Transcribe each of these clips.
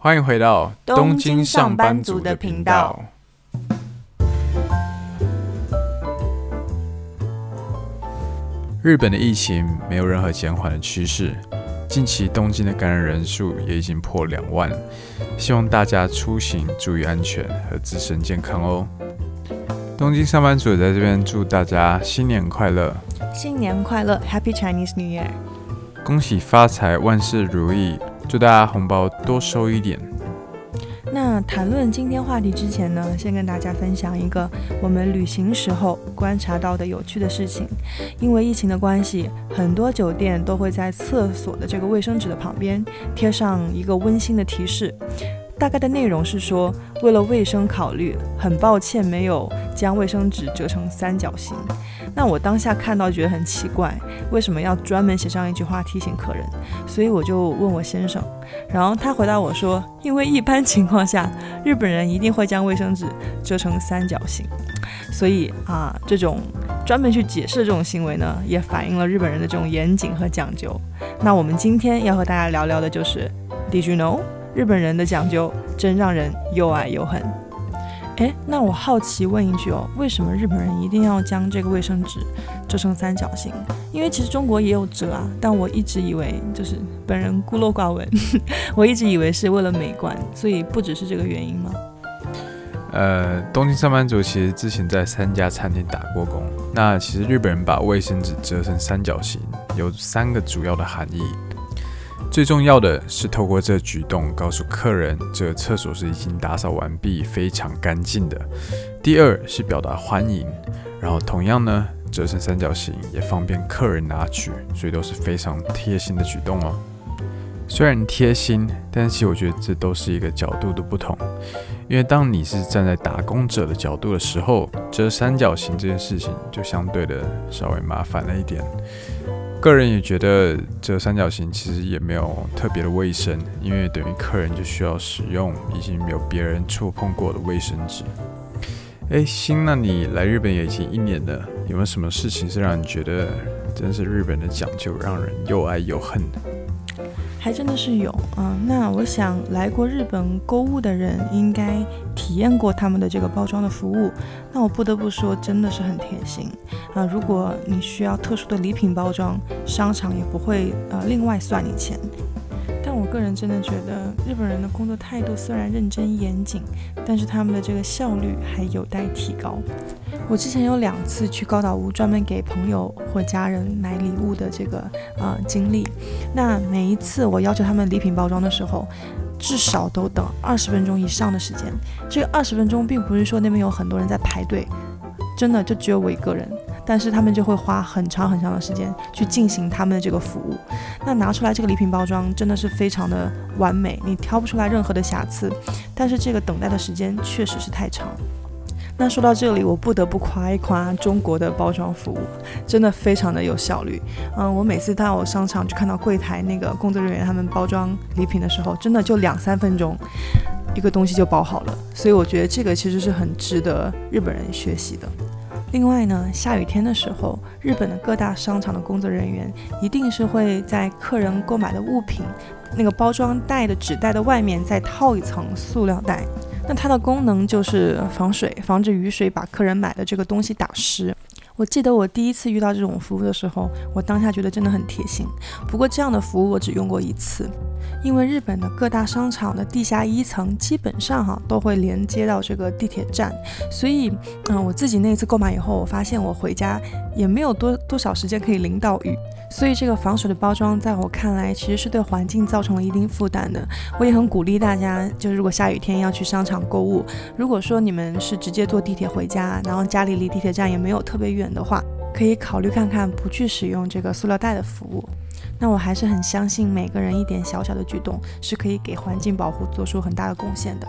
歡迎回到東京上班族的頻道。日本的疫情沒有任何減緩的趨勢，近期東京的感染人數也已經破兩萬，希望大家出行注意安全和自身健康哦。東京上班族也在這邊祝大家新年快樂，新年快樂，Happy Chinese New Year，恭喜發財，萬事如意。祝大家紅包多收一點。那談論今天話題之前呢，先跟大家分享一個我們旅行時候觀察到的有趣的事情。因為疫情的關係，很多酒店都會在廁所的這個衛生紙的旁邊貼上一個溫馨的提示，大概的內容是說：為了衛生考慮，很抱歉沒有將衛生紙折成三角形。那我當下看到覺得很奇怪，為什麼要專門寫上一句話提醒客人？所以我就問我先生，然後他回答我說，因為一般情況下，日本人一定會將衛生紙折成三角形，所以啊，這種專門去解釋這種行為呢，也反映了日本人的這種嚴謹和講究。那我們今天要和大家聊聊的就是，Did you know？日本人的講究真讓人又愛又恨。哎，那我好奇問一句哦，為什麼日本人一定要將這個衛生紙折成三角形？因為其實中國也有折啊，但我一直以為就是本人孤陋寡聞，我一直以為是為了美觀，所以不只是這個原因嗎？呃，東京上班族其實之前在三家餐廳打過工，那其實日本人把衛生紙折成三角形有三個主要的含義。最重要的是透過這舉動告訴客人，這廁所是已經打掃完畢，非常乾淨的。第二是表達歡迎，然後同樣呢，折成三角形也方便客人拿取，所以都是非常貼心的舉動哦。雖然貼心，但其實我覺得這都是一個角度的不同，因為當你是站在打工者的角度的時候，折三角形這件事情就相對的稍微麻煩了一點。個人也覺得這三角形其實也沒有特別的衛生，因為等於客人就需要使用已經有別人觸碰過的衛生紙。哎，新，那你來日本也已經一年了，有沒有什麼事情是讓你覺得真是日本的講究讓人又愛又恨？還真的是有啊，呃，那我想來過日本購物的人應該體驗過他們的這個包裝的服務，那我不得不說真的是很貼心啊，呃。如果你需要特殊的禮品包裝，商場也不會呃另外算你錢。但我個人真的覺得日本人的工作態度雖然認真嚴謹，但是他們的這個效率還有待提高。我之前有兩次去高島屋專門給朋友或家人買禮物的這個呃經歷，那每一次我要求他們禮品包裝的時候，至少都等二十分鐘以上的時間。這個二十分鐘並不是說那邊有很多人在排隊，真的就只有我一個人，但是他們就會花很長很長的時間去進行他們的這個服務。那拿出來這個禮品包裝真的是非常的完美，你挑不出來任何的瑕疵，但是這個等待的時間確實是太長。那說到這裡，我不得不誇一誇中國的包裝服務，真的非常的有效率。嗯，我每次到商場去看到櫃檯那個工作人員他們包裝禮品的時候，真的就兩三分鐘，一個東西就包好了。所以我覺得這個其實是很值得日本人學習的。另外呢，下雨天的時候，日本的各大商場的工作人員一定是會在客人購買的物品，那個包裝袋的紙袋的外面再套一層塑料袋。那它的功能就是防水，防止雨水把客人買的這個東西打濕。我記得我第一次遇到這種服務的時候，我當下覺得真的很貼心。不過這樣的服務我只用過一次。因為日本的各大商場的地下一層基本上哈、啊、都會連接到這個地鐵站，所以嗯、呃，我自己那次購買以後，我發現我回家也沒有多多少時間可以淋到雨，所以這個防水的包裝在我看來其實是對環境造成了一定負擔的。我也很鼓勵大家，就是如果下雨天要去商場購物，如果說你們是直接坐地鐵回家，然後家裡離地鐵站也沒有特別遠的話，可以考慮看看不去使用這個塑料袋的服務。那我還是很相信每個人一點小小的舉動是可以給環境保護做出很大的貢獻的。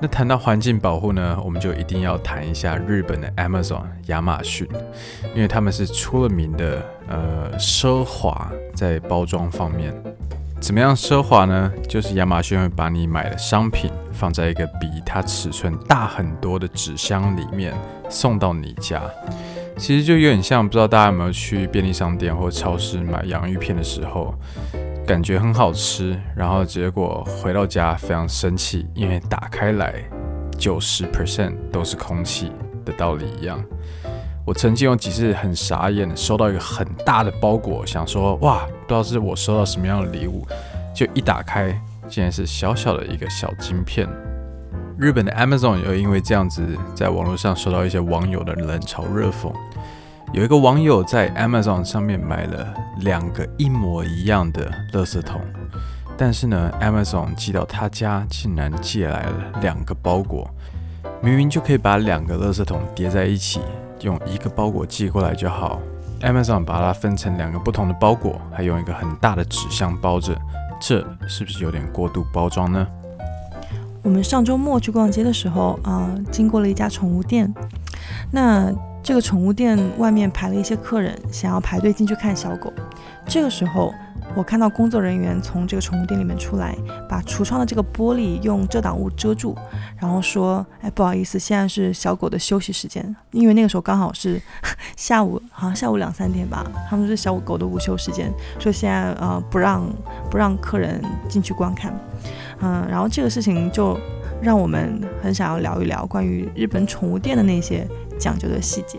那談到環境保護呢，我們就一定要談一下日本的 Amazon 亞馬遜，因為他們是出了名的呃奢華在包裝方面。怎麼樣奢華呢？就是亞馬遜會把你買的商品放在一個比它尺寸大很多的紙箱裡面送到你家。其實就有點像，不知道大家有沒有去便利商店或超市買洋芋片的時候，感覺很好吃，然後結果回到家非常生氣，因為打開來九十 percent 都是空氣的道理一樣。我曾經有幾次很傻眼，收到一個很大的包裹，想說哇，不知道是我收到什麼樣的禮物，就一打開，竟然是小小的一個小晶片。日本的 Amazon 又因為這樣子，在網絡上受到一些網友的冷嘲熱諷。有一個網友在 Amazon 上面買了兩個一模一樣的垃圾桶，但是呢，Amazon 寄到他家竟然寄來了兩個包裹，明明就可以把兩個垃圾桶疊在一起，用一個包裹寄過來就好。Amazon 把它分成兩個不同的包裹，還用一個很大的紙箱包着，這是不是有點過度包裝呢？我們上週末去逛街的時候，啊、呃，經過了一家寵物店。那這個寵物店外面排了一些客人，想要排隊進去看小狗。這個時候，我看到工作人員從這個寵物店裡面出來，把櫥窗的這個玻璃用遮擋物遮住，然後說：“哎，不好意思，現在是小狗的休息時間，因為那個時候剛好是下午，好像下午兩三點吧，他們是小狗的午休時間，說現在呃不讓不讓客人進去觀看，嗯、呃，然後這個事情，就讓我們很想要聊一聊關於日本寵物店的那些講究的細節。”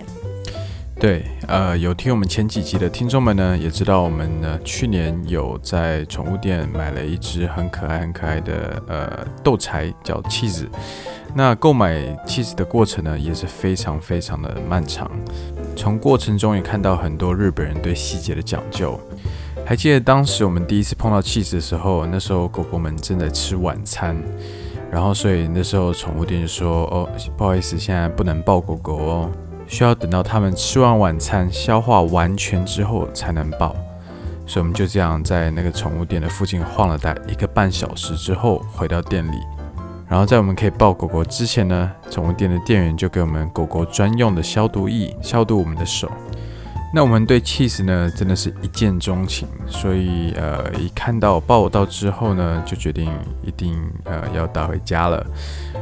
對，呃，有聽我們前幾集的聽眾們呢，也知道我們呢去年有在寵物店買了一隻很可愛很可愛的呃豆柴叫起司。那購買起司的過程呢也是非常非常的漫長，從過程中也看到很多日本人對細節的講究。還記得當時我們第一次碰到起司的時候，那時候狗狗們正在吃晚餐，然後所以那時候寵物店就說，哦，不好意思，現在不能抱狗狗哦。需要等到他們吃完晚餐，消化完全之後才能抱，所以我們就這樣在那個寵物店的附近晃了大概一個半小時之後回到店裡。然後在我們可以抱狗狗之前呢，寵物店的店員就給我們狗狗專用的消毒液消毒我們的手。那我們對 Cheese 呢，真的是一見鍾情，所以呃，一看到抱到之後呢，就決定一定呃要帶回家了。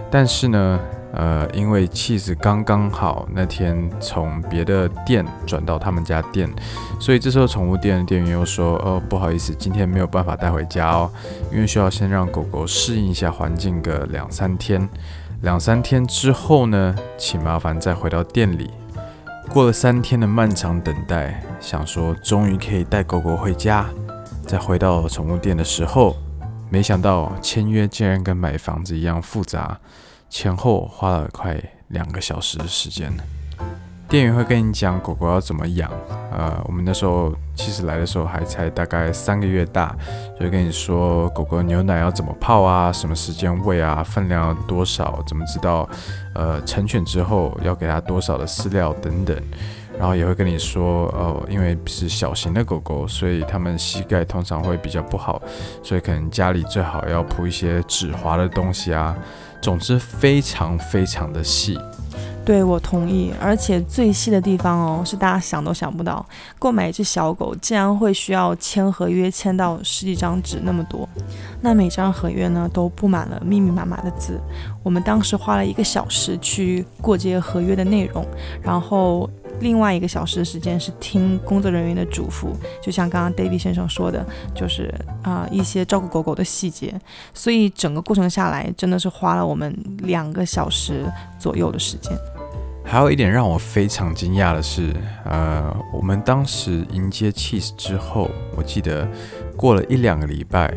但是呢。呃，因為氣質剛剛好，那天從別的店轉到他們家店，所以這時候寵物店的店員又說：“哦，不好意思，今天沒有辦法帶回家哦，因為需要先讓狗狗適應一下環境，個兩三天。兩三天之後呢，請麻煩再回到店裡。”過了三天的漫長等待，想說終於可以帶狗狗回家。再回到寵物店的時候，沒想到簽約竟然跟買房子一樣複雜。前後花了快兩個小時的時間。店員會跟你講狗狗要怎麼養，呃，我們那時候其實來的時候還才大概三個月大，就會跟你說狗狗牛奶要怎麼泡啊，什麼時間餵啊，分量要多少，怎麼知道，呃，成犬之後要給它多少的飼料等等。然後也會跟你說，哦，因為是小型的狗狗，所以它們膝蓋通常會比較不好，所以可能家裡最好要鋪一些止滑的東西啊。總之非常非常的細，對我同意。而且最細的地方哦，是大家想都想不到，購買一隻小狗竟然會需要簽合約，簽到十幾張紙那麼多。那每張合約呢，都布滿了密密麻麻的字。我們當時花了一個小時去過這些合約的內容，然後。另外一個小時的時間是聽工作人員的囑咐，就像剛剛 David 先生說的，就是啊、呃、一些照顧狗狗的細節。所以整個過程下來，真的是花了我們兩個小時左右的時間。還有一點讓我非常驚訝的是，呃，我們當時迎接 Cheese 之後，我記得過了一兩個禮拜，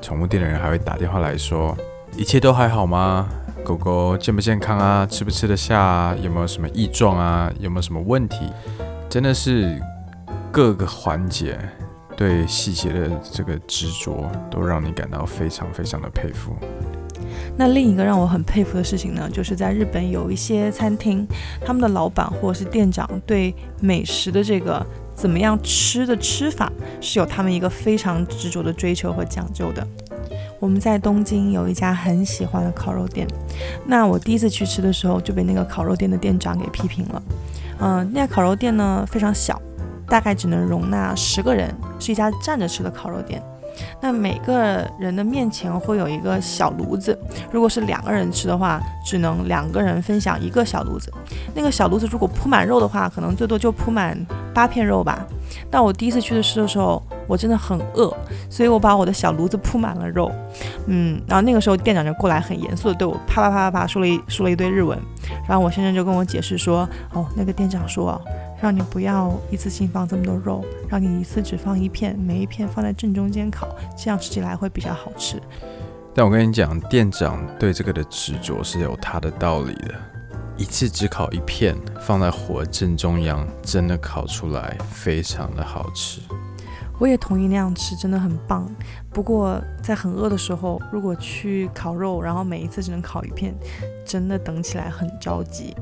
寵物店的人還會打電話來說，一切都還好嗎？狗狗健不健康啊？吃不吃得下啊？有沒有什麼異狀啊？有沒有什麼問題？真的是各個環節對細節的這個執着，都讓你感到非常非常的佩服。那另一個讓我很佩服的事情呢，就是在日本有一些餐廳，他們的老板或者是店長對美食的這個怎麼樣吃的吃法，是有他們一個非常執着的追求和講究的。我們在東京有一家很喜歡的烤肉店，那我第一次去吃的時候就被那個烤肉店的店長給批評了。嗯，那家烤肉店呢，非常小，大概只能容納十個人，是一家站着吃的烤肉店。那每個人的面前會有一個小爐子，如果是兩個人吃的話，只能兩個人分享一個小爐子。那個小爐子如果鋪滿肉的話，可能最多就鋪滿八片肉吧。那我第一次去吃的時候。我真的很餓，所以我把我的小爐子鋪滿了肉，嗯，然後那個時候店長就過來，很嚴肅的對我啪啪啪啪啪說了一說了一堆日文，然後我先生就跟我解釋說，哦，那個店長說，讓你不要一次性放這麼多肉，讓你一次只放一片，每一片放在正中間烤，這樣吃起來會比較好吃。但我跟你講，店長對這個的執着是有他的道理的，一次只烤一片，放在火正中央，真的烤出來非常的好吃。我也同意那樣吃，真的很棒。不過在很餓的時候，如果去烤肉，然後每一次只能烤一片，真的等起來很着急。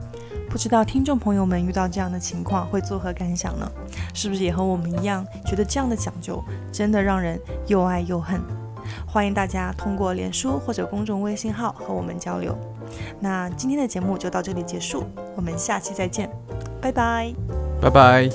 不知道聽眾朋友們遇到這樣的情況會作何感想呢？是不是也和我們一樣，覺得這樣的講究真的讓人又愛又恨？歡迎大家通過臉書或者公眾微信號和我們交流。那今天的節目就到這裡結束，我們下期再見，拜拜，拜拜。